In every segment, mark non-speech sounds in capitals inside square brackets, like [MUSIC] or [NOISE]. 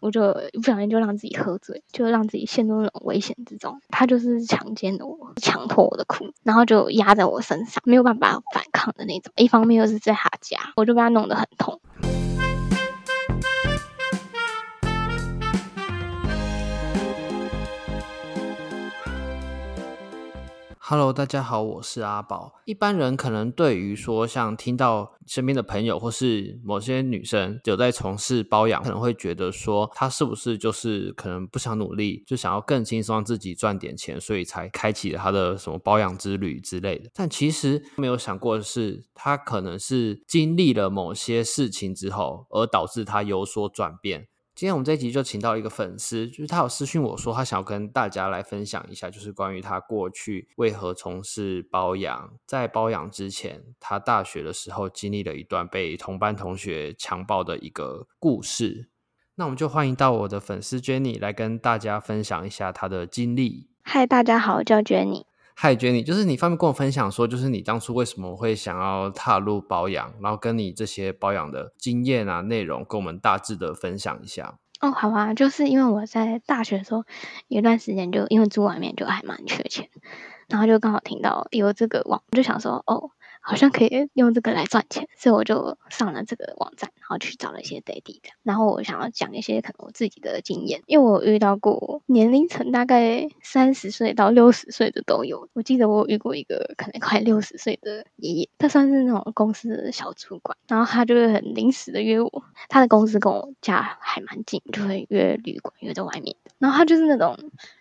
我就一不小心就讓自己喝醉，就讓自己陷入那種危險之中。他就是強姦了我，強脫我的褲，然後就壓在我身上，沒有辦法反抗的那種。一方面又是在他家，我就被他弄得很痛。Hello，大家好，我是阿寶。一般人可能對於說像聽到身邊的朋友或是某些女生有在從事包養，可能會覺得說她是不是就是可能不想努力，就想要更輕鬆自己賺點錢，所以才開啟了她的什麼包養之旅之類的。但其實沒有想過的是，她可能是經歷了某些事情之後，而導致她有所轉變。今天我們這一集就請到一個粉絲，就是他有私訊我說他想要跟大家來分享一下，就是關於他過去為何從事包養。在包養之前，他大學的時候經歷了一段被同班同學強暴的一個故事。那我們就歡迎到我的粉絲 Jenny 來跟大家分享一下他的經歷。嗨，大家好，我叫 Jenny。嗨，Jenny，就是你方便跟我分享說，就是你當初為什麼會想要踏入包養，然後跟你這些包養的經驗啊內容，跟我們大致的分享一下。哦，好啊，就是因為我在大學的時候有一段時間，就因為住外面就還蠻缺錢，然後就剛好聽到有這個網，就想說哦。好像可以用這個來賺錢，所以我就上了這個網站，然後去找了一些 daddy 的。然後我想要講一些可能我自己的經驗，因為我遇到過年齡層大概三十歲到六十歲的都有。我記得我遇過一個可能快六十歲的爺爺，他算是那種公司的小主管，然後他就會很臨時的約我。他的公司跟我家還蠻近，就會約旅館約在外面。然後他就是那種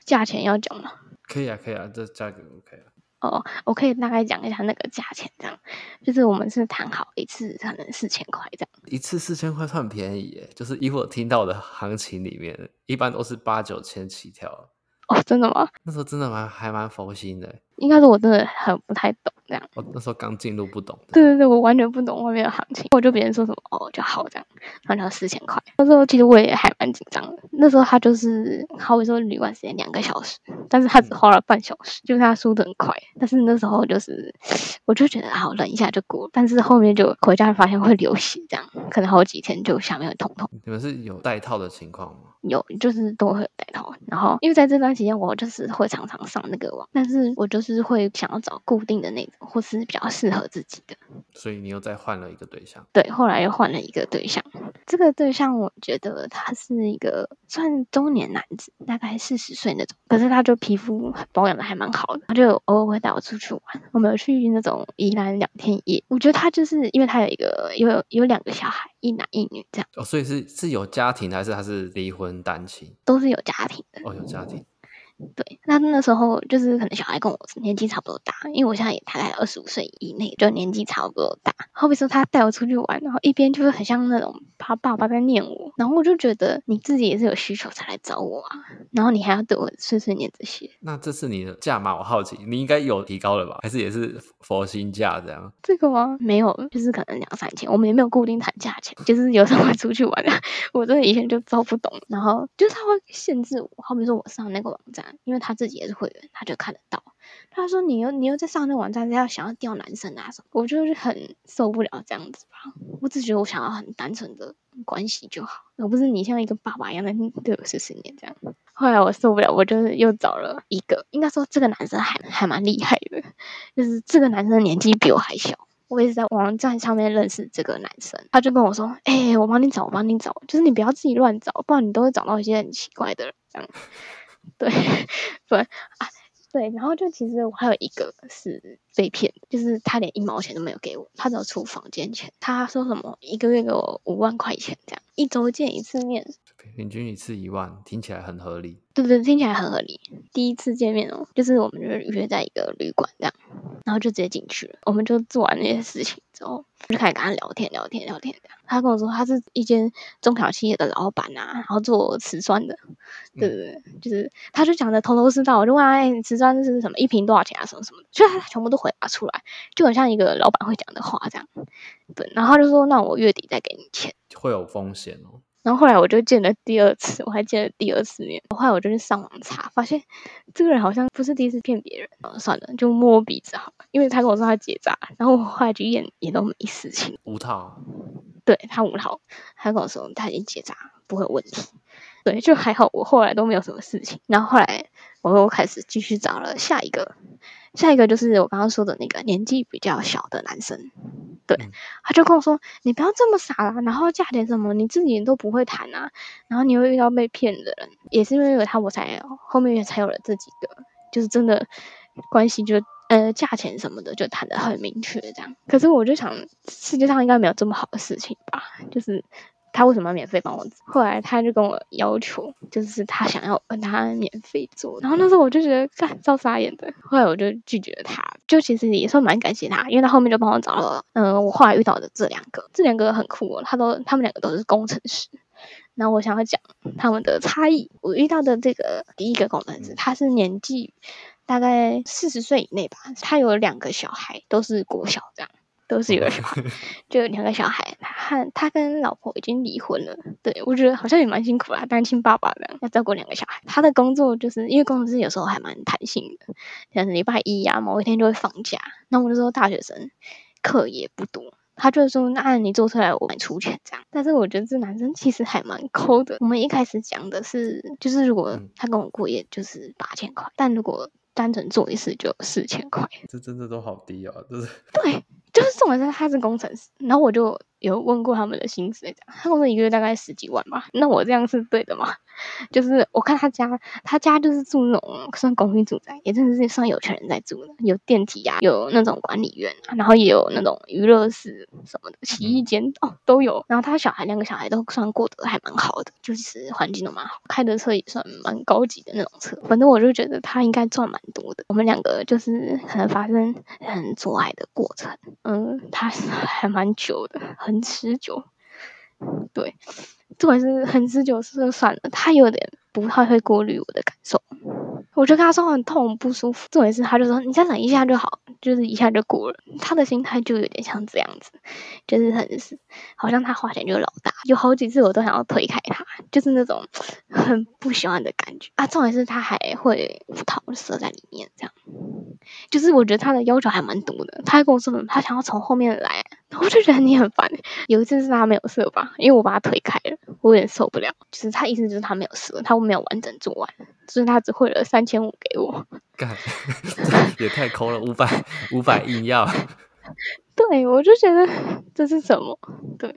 價錢要講嗎？可以啊，可以啊，這價格 OK。哦，我可以大概講一下那個價錢，這樣，就是我們是談好一次可能四千塊這樣，一次四千塊算便宜耶，就是以我聽到的行情裡面，一般都是八九千起跳。哦，真的嗎？那時候真的蠻，還蠻佛心的。應該說，我真的很不太懂這樣。我那時候剛進入，不懂。對，對對對，我完全不懂外面的行情。我就別人說什麼哦就好這樣，然後就四千塊。那時候其實我也還蠻緊張的。那時候他就是，好比說旅館時間兩個小時，但是他只花了半小時，嗯、就是他輸得很快。但是那時候就是，我就覺得好忍一下就過了。但是後面就回家發現會流血，這樣可能好幾天就下面有痛痛。你們是有戴套的情況嗎？有，就是都會有戴套。然後因為在這段期間，我就是會常常上那個網，但是我就是。就是會想要找固定的那種，或是比較適合自己的。所以你又再換了一個對象？對，後來又換了一個對象。這個對象我覺得他是一個算中年男子，大概四十歲那種。可是他就皮膚保養得還蠻好的，他就偶爾會帶我出去玩。我沒有去那種宜蘭兩天一夜。我覺得他就是因為他有一個有有兩個小孩，一男一女這樣。哦，所以是是有家庭還是還是離婚單親？都是有家庭的。哦，有家庭。對，那那時候就是可能小孩跟我年紀差不多大，因為我現在也大概二十五歲以內，就年紀差不多大。好比說他帶我出去玩，然後一邊就是很像那種他爸爸在念我，然後我就覺得你自己也是有需求才來找我啊，然後你還要對我碎碎念這些。那這是你的價碼？我好奇，你應該有提高了吧？還是也是佛心價這樣？這個嗎？沒有，就是可能兩三千，我們也沒有固定談價錢，就是有時候會出去玩， [LAUGHS] [LAUGHS] 我真的以前就照不懂，然後就是他會限制我。好比說我上那個網站。因為他自己也是會員，他就看得到。他說：“你又你又在上那個網站上要想要釣男生啊什麼？”我就是很受不了這樣子吧。我只覺得我想要很單純的關係就好，而不是你像一個爸爸一樣的對我碎碎念這樣。後來我受不了，我就是又找了一個，應該說這個男生還還蠻厲害的，就是這個男生年紀比我還小。我一直在網站上面認識這個男生，他就跟我說：“哎、欸，我幫你找，我幫你找，就是你不要自己亂找，不然你都會找到一些很奇怪的人。”這樣。對，不，啊，對，然後就其實我還有一個是被騙，就是他連一毛錢都沒有給我，他只要出房間錢。他說什麼一個月給我五萬塊錢，這樣一周見一次面。平均一次一萬，聽起來很合理。對對對，聽起來很合理。第一次見面哦，就是我們就是約在一個旅館這樣，然後就直接進去了。我們就做完那些事情之後，就開始跟他聊天聊天聊天這樣。他跟我說，他是一間中小企業的老板啊，然後做瓷磚的，嗯、對不對？就是他就講的頭頭是道。我就問他，誒，瓷磚是什麼，一瓶多少錢啊，什麼什麼，就他全部都回答出來，就很像一個老板會講的話這樣。對，然後他就說，那我月底再給你錢。會有風險哦。然後後來我就見了第二次，我還見了第二次面。後來我就去上網查，發現這個人好像不是第一次騙別人。哦，算了，就摸鼻子好了，因為他跟我說他結紮，然後我後來去驗，也都沒事情。無套，對，他無套，他跟我說他已經結紮，不會有問題。對，就還好，我後來都沒有什麼事情。然後後來我又開始繼續找了下一個。下一個就是我剛剛說的那個年紀比較小的男生，對，他就跟我說：“你不要這麼傻啦啊，然後價錢什麼你自己都不會談啊，然後你會遇到被騙的人。”也是因為他，我才後面才有了自己的就是真的關係就，就呃價錢什麼的就談得很明確這樣。可是我就想，世界上應該沒有這麼好的事情吧？就是。他為什麼要免費幫我？後來他就跟我要求，就是他想要跟他免費做。然後那時候我就覺得，幹，照傻眼的。後來我就拒絕了他，就其實也算蠻感謝他，因為他後面就幫我找了，嗯、呃，我後來遇到的這兩個，這兩個很酷，哦，他都，他們兩個都是工程師。然後我想要講他們的差異。我遇到的這個第一個工程師，他是年紀大概四十歲以內吧，他有兩個小孩，都是國小這樣。都是有個小孩， [LAUGHS] 就兩個小孩，他和他跟老婆已經離婚了。對，我覺得好像也蠻辛苦啦，單親爸爸的，要照顧兩個小孩。他的工作就是因為工程師，有時候還蠻彈性的，像是禮拜一啊，某一天就會放假。那我就說大學生課也不多，他就說，那你做出來我出錢這樣。但是我覺得這男生其實還蠻摳的。我們一開始講的是，就是如果他跟我過夜就是八千塊，但如果單純做一次就四千塊，這真的都好低啊、喔，就是對。就是這種人，是他是工程師，然後我就有問過他們的薪資來講，他們說一個月大概十幾萬吧，那我這樣是對的嗎？就是我看他家，他家就是住那種算公寓住宅，也真的是算有錢人在住的，有電梯呀，啊，有那種管理員，啊，然後也有那種娛樂室什麼的，洗衣間哦都有。然後他小孩兩個小孩都算過得還蠻好的，就是環境都蠻好，開的車也算蠻高級的那種車。反正我就覺得他應該賺蠻多的。我們兩個就是可能發生很做愛的過程，嗯，他是還蠻久的，很持久。對，重點是很持久，是就算了。他有點不太會過濾我的感受，我就跟他說很痛、不舒服。重點是他就說，你再長一下就好，就是一下就過了。他的心態就有點像這樣子，就是很是，好像他花錢就老大。有好幾次我都想要推開他，就是那種很不喜歡的感覺啊。重點是他還會桃色在裡面這樣。就是我覺得他的要求還蠻多的，他還跟我說他想要從後面來，我就覺得你很煩。有一次是他沒有射吧，因為我把他推開了，我有點受不了。就是他意思就是他沒有射，他沒有完整做完，就是他只匯了三千五給我。幹，也太摳了，五百五百硬要。 [LAUGHS] 對，我就覺得這是什麼？對，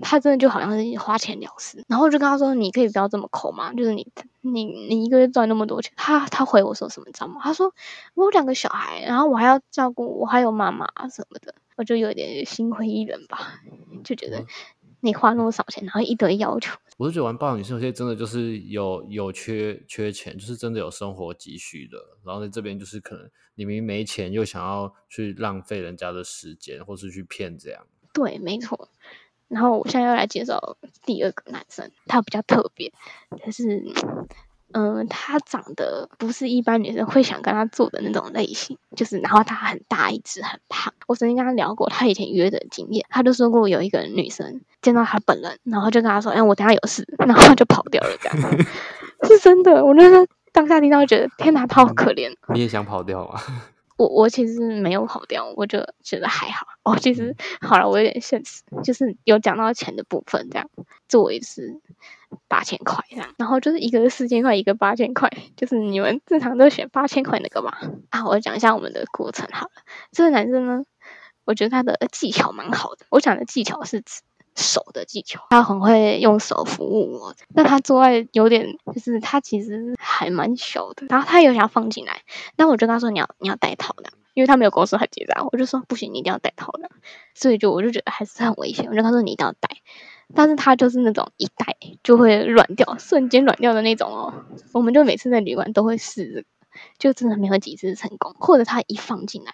他真的就好像是花錢了事，然後我就跟他說：“你可以不要這麼摳嘛。”就是你，你，你一個月賺那麼多錢，他他回我說什麼？你知道嗎？他說：“我有兩個小孩，然後我還要照顧我還有媽媽什麼的。”我就有點心灰意冷吧，就覺得。你花多少錢？然後一堆要求。我是覺得玩爆女生有些真的就是有有缺缺錢，就是真的有生活急需的。然後在這邊就是可能你明明沒錢，又想要去浪費人家的時間，或是去騙這樣。對，沒錯。然後我現在要來介紹第二個男生，他比較特別，他是。嗯，她、呃、長得不是一般女生會想跟他做的那種類型，就是然後她很大一隻，很胖。我曾經跟他聊過他以前約的經驗，他就說過有一個女生見到他本人，然後就跟他說：“哎、嗯，我等下有事，然後就跑掉了。”這樣 [LAUGHS] 是真的。我那時候當下聽到覺得天哪，他好可憐。你也想跑掉啊？我我其實沒有跑掉，我就覺得還好。我、哦、其實好了，我有點現實，就是有講到錢的部分這樣，做一次八千塊這樣，然後就是一個四千塊，一個八千塊，就是你們正常都選八千塊那個嘛。啊，我講一下我們的過程好了。這個男生呢，我覺得他的技巧蠻好的。我講的技巧是指。手的技巧，他很會用手服務我、哦，但他做愛有點就是他其實還蠻小的，然後他有想要放進來，但我就跟他說你要你要戴套的，因為他沒有跟我說他結紮，我就說不行你一定要戴套的，所以就我就覺得還是很危險，我就跟他說你一定要戴，但是他就是那種一戴就會軟掉，瞬間軟掉的那種哦，我們就每次在旅館都會試、這個，就真的沒有幾次成功，或者他一放進來，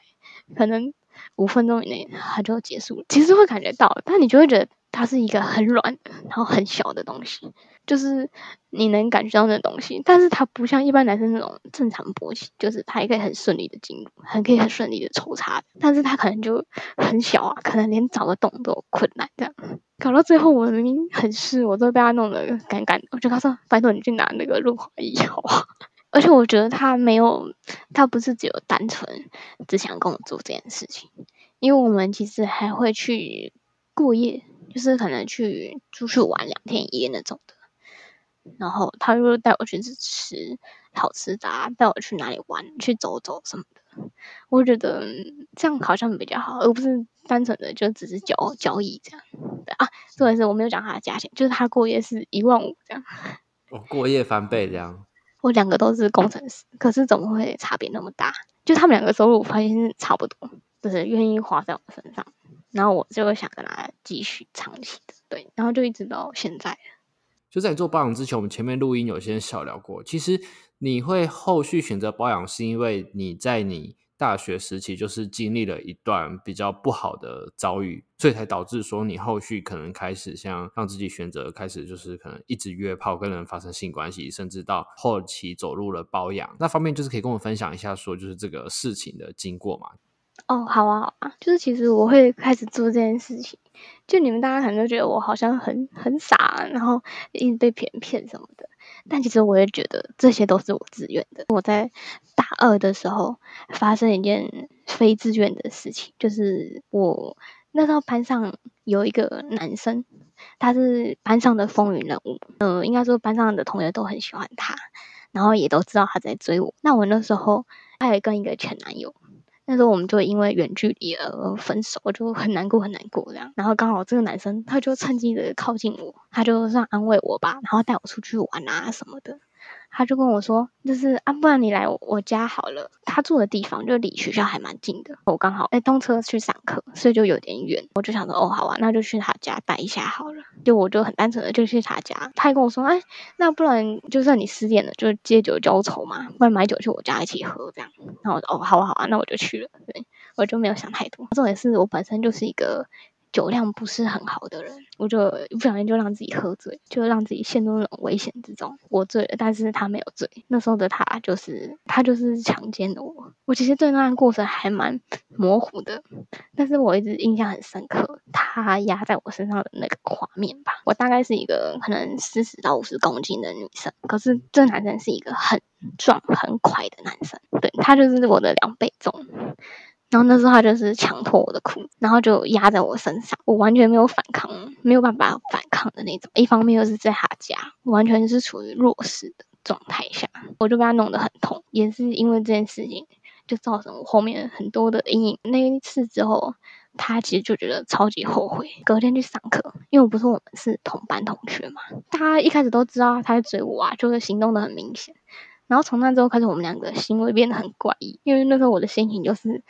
可能五分鐘以內他就結束了，其實會感覺到，但你就會覺得。它是一個很軟，然後很小的東西，就是你能感覺到那東西，但是它不像一般男生那種正常勃起，就是它也可以很順利的進入，還可以很順利的抽插，但是它可能就很小啊，可能連找個洞都有困難這樣。搞到最後我，我明明很濕我都被他弄得乾乾，我就告訴他說：“拜託你去拿那個潤滑液好啊。 [LAUGHS] ”而且我覺得他沒有，他不是只有單純只想跟我做這件事情，因為我們其實還會去過夜。就是可能去出去玩兩天一夜那種的，然後他又帶我去吃好吃的啊，帶我去哪裡玩，去走走什麼的。我覺得這樣好像比較好，而不是單純的就只是交交易這樣。對啊。不好意思，我沒有講他的價錢，就是他過夜是一萬五這樣。過夜翻倍這樣。我兩個都是工程師，可是怎麼會差別那麼大？就他們兩個收入，我發現差不多，就是願意花在我身上。然後我就想跟他繼續長期對，然後就一直到現在。就在做包養之前，我們前面錄音有先小聊過。其實你會後續選擇包養，是因為你在你大學時期就是經歷了一段比較不好的遭遇，所以才導致說你後續可能開始像讓自己選擇開始就是可能一直約炮跟人發生性關係，甚至到後期走入了包養那方面。就是可以跟我分享一下說就是這個事情的經過嘛。哦，好啊，好啊，就是其實我會開始做這件事情，就你們大家可能都覺得我好像很很傻，然後一直被別人騙什麼的，但其實我也覺得這些都是我自願的。我在大二的時候發生一件非自願的事情，就是我那時候班上有一個男生，他是班上的風雲人物，呃，應該說班上的同學都很喜歡他，然後也都知道他在追我。那我那時候還跟一個前男友。那時候我們就因為遠距離而分手，就很難過很難過這樣。然後剛好這個男生他就趁機的靠近我，他就這樣安慰我吧，然後帶我出去玩啊什麼的。他就跟我說，就是啊，不然你來我，我家好了。他住的地方就離學校還蠻近的。我剛好哎，動車去上課，所以就有點遠。我就想說，哦，好啊，那就去他家待一下好了。就我就很單純的就去他家。他還跟我說，哎，那不然就算你失戀了，就借酒澆愁嘛，不然買酒去我家一起喝這樣。然後哦，好啊好啊，那我就去了。對，我就沒有想太多。重點是我本身就是一個。酒量不是很好的人，我就一不小心就讓自己喝醉，就讓自己陷入那種危險之中。我醉了，但是他沒有醉。那時候的他，就是他就是強姦了我。我其實對那段過程還蠻模糊的，但是我一直印象很深刻，他壓在我身上的那個畫面吧。我大概是一個可能四十到五十公斤的女生，可是這男生是一個很壯很快的男生，對，他就是我的兩倍重。然後那時候，他就是強脫我的褲，然後就壓在我身上，我完全沒有反抗，沒有辦法反抗的那種。一方面又是在他家，完全是處於弱勢的狀態下，我就被他弄得很痛。也是因為這件事情，就造成我後面很多的陰影。那一次之後，他其實就覺得超級後悔。隔天去上課，因為我不是，我們是同班同學嘛，大家一開始都知道他在追我啊，就是行動得很明顯。然後從那之後開始，我們兩個行為變得很怪異，因為那時候我的心情就是。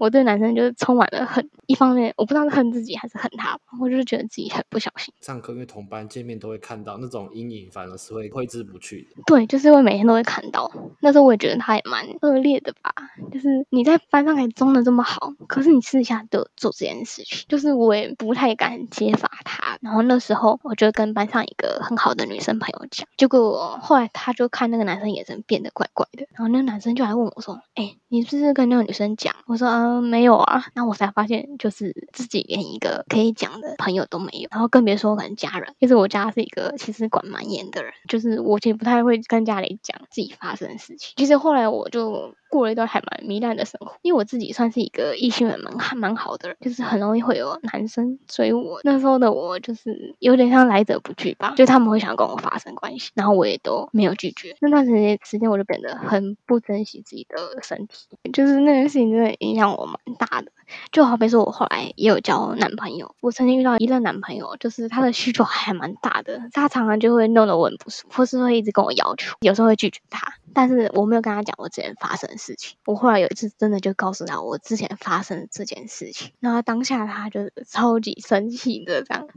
我對男生就是充滿了恨。一方面，我不知道是恨自己還是恨他，我就是覺得自己很不小心。上課因為同班見面都會看到那種陰影，反而是會揮之不去的。對，就是因為每天都會看到。那時候我也覺得他也蠻惡劣的吧，就是你在班上可以裝的這麼好，可是你私下的做這件事情，就是我也不太敢揭發他。然後那時候我就跟班上一個很好的女生朋友講，結果後來他就看那個男生眼神變得怪怪的，然後那個男生就來問我說：“哎、欸，你是不是跟那個女生講？”我說：“啊、嗯。嗯，沒有啊。那我才發現，就是自己連一個可以講的朋友都沒有，然後更別說可能家人。就是我家是一個其實管蠻嚴的人，就是我其實不太會跟家裡講自己發生的事情。其實後來我就。過了一段還蠻糜爛的生活，因為我自己算是一個異性緣蠻還蠻好的人，就是很容易會有男生，所以我，那時候的我就是有點像來者不拒吧，就他們會想跟我發生關係，然後我也都沒有拒絕。那段時間時間我就變得很不珍惜自己的身體，就是那個事情真的影響我蠻大的。就好比說，我後來也有交男朋友，我曾經遇到一個男朋友，就是他的需求還蠻大的，他常常就會弄得我很不舒服，或是會一直跟我要求，有時候會拒絕他，但是我沒有跟他講我之前發生。事情，我後來有一次真的就告訴他我之前發生這件事情，然後當下他就超級生氣的這樣，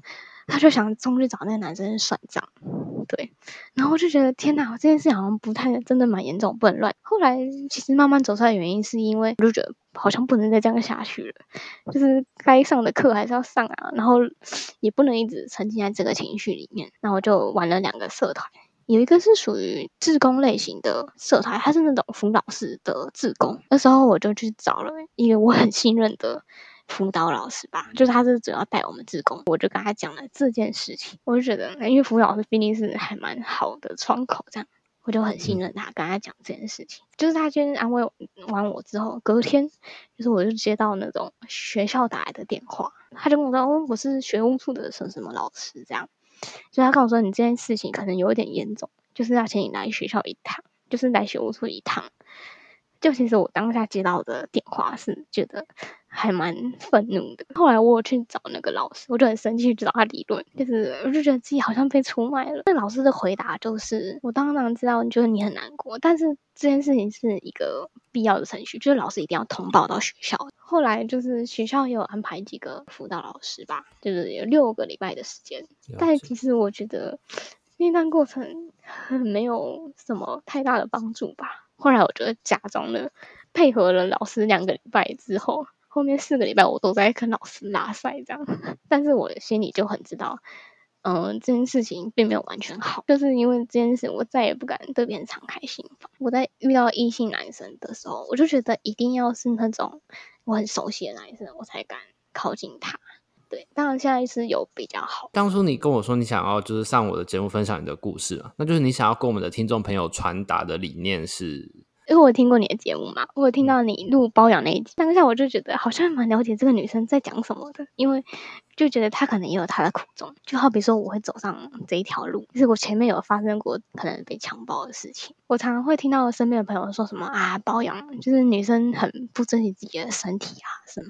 他就想衝去找那個男生算賬，對，然後就覺得天哪，我這件事好像不太真的蠻嚴重，不能亂。後來其實慢慢走出來的原因是因為我就覺得好像不能再這樣下去了，就是該上的課還是要上啊，然後也不能一直沉浸在這個情緒裡面。然後我就玩了兩個社團。有一個是屬於志工類型的社團，他是那種輔導室的志工，那時候我就去找了一個我很信任的輔導老師吧，就是他是主要帶我們志工，我就跟他講了這件事情。我就覺得，因為輔導老師畢竟是還蠻好的窗口，這樣我就很信任他，跟他講這件事情。就是他先安慰完我之後，隔天就是我就接到那種學校打來的電話，他就跟我說：“哦，我是學務處的什麼什麼老師。”這樣。就他跟我說，你這件事情可能有點嚴重，就是要請你來學校一趟，就是來學務處一趟。就其實我當下接到的電話是覺得，還蠻憤怒的。後來我有去找那個老師，我就很生氣去找他理論，就是我就覺得自己好像被出賣了。那老師的回答就是：我當然知道，你覺得你很難過，但是這件事情是一個必要的程序，就是老師一定要通報到學校。後來就是學校也有安排幾個輔導老師吧，就是有六個禮拜的時間。了解。但其實我覺得那段過程沒有什麼太大的幫助吧。後來我就假裝了，配合了老師兩個禮拜之後。後面四個禮拜我都在跟老師拉塞這樣，嗯、但是我心裡就很知道，嗯、呃，這件事情並沒有完全好，就是因為這件事我再也不敢對別人敞開心房。我在遇到異性男生的時候，我就覺得一定要是那種我很熟悉的男生，我才敢靠近他。對，當然現在是有比較好。當初你跟我說你想要就是上我的節目分享你的故事，那就是你想要跟我們的聽眾朋友傳達的理念是？是我聽過你的節目嘛？我有聽到你錄包養那一集，但是我就覺得好像蠻了解這個女生在講什麼的，因為就覺得她可能也有她的苦衷。就好比說我會走上這一條路，就是我前面有發生過可能被強暴的事情。我常常會聽到身邊的朋友說什麼啊，包養就是女生很不珍惜自己的身體啊什麼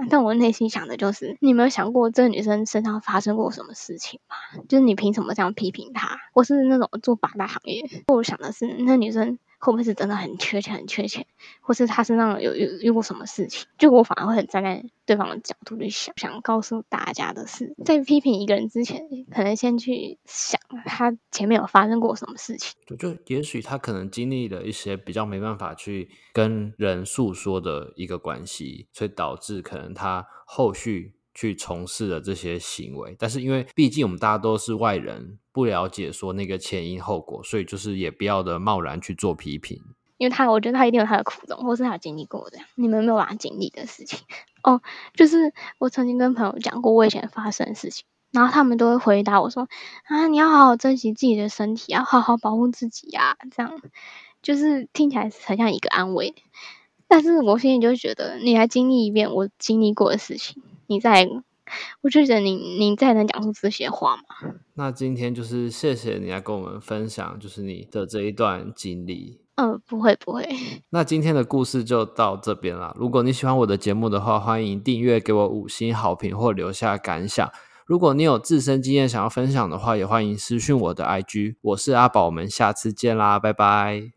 的。但我內心想的就是，你有沒有想過這個女生身上發生過什麼事情嗎？就是你憑什麼這樣批評她？我是那種做八大行業，我想的是那女生。會不會是真的很缺錢，很缺錢，或是他身上有有遇過什麼事情？就我反而會很站在對方的角度去想，想告訴大家的是，在批評一個人之前，可能先去想他前面有發生過什麼事情。就，就也許他可能經歷了一些比較沒辦法去跟人訴說的一個關係，所以導致可能他後續。去從事的這些行為，但是因為畢竟我們大家都是外人，不了解說那個前因後果，所以就是也不要的貿然去做批評。因為他，我覺得他一定有他的苦衷，或是他經歷過這樣，你們沒有辦法經歷的事情。哦，就是我曾經跟朋友講過我以前發生的事情，然後他們都會回答我說：“啊，你要好好珍惜自己的身體，要好好保護自己呀、啊。”這樣就是聽起來是很像一個安慰，但是我現在就覺得，你還經歷一遍我經歷過的事情。你在，我就覺得你，你再能講出這些話嗎？嗯，那今天就是謝謝你來跟我們分享，就是你的這一段經歷。嗯，不會不會。那今天的故事就到這邊啦。如果你喜歡我的節目的話，歡迎訂閱，給我五星好評或留下感想。如果你有自身經驗想要分享的話，也歡迎私訊我的 IG。我是阿寶，我們下次見啦，拜拜。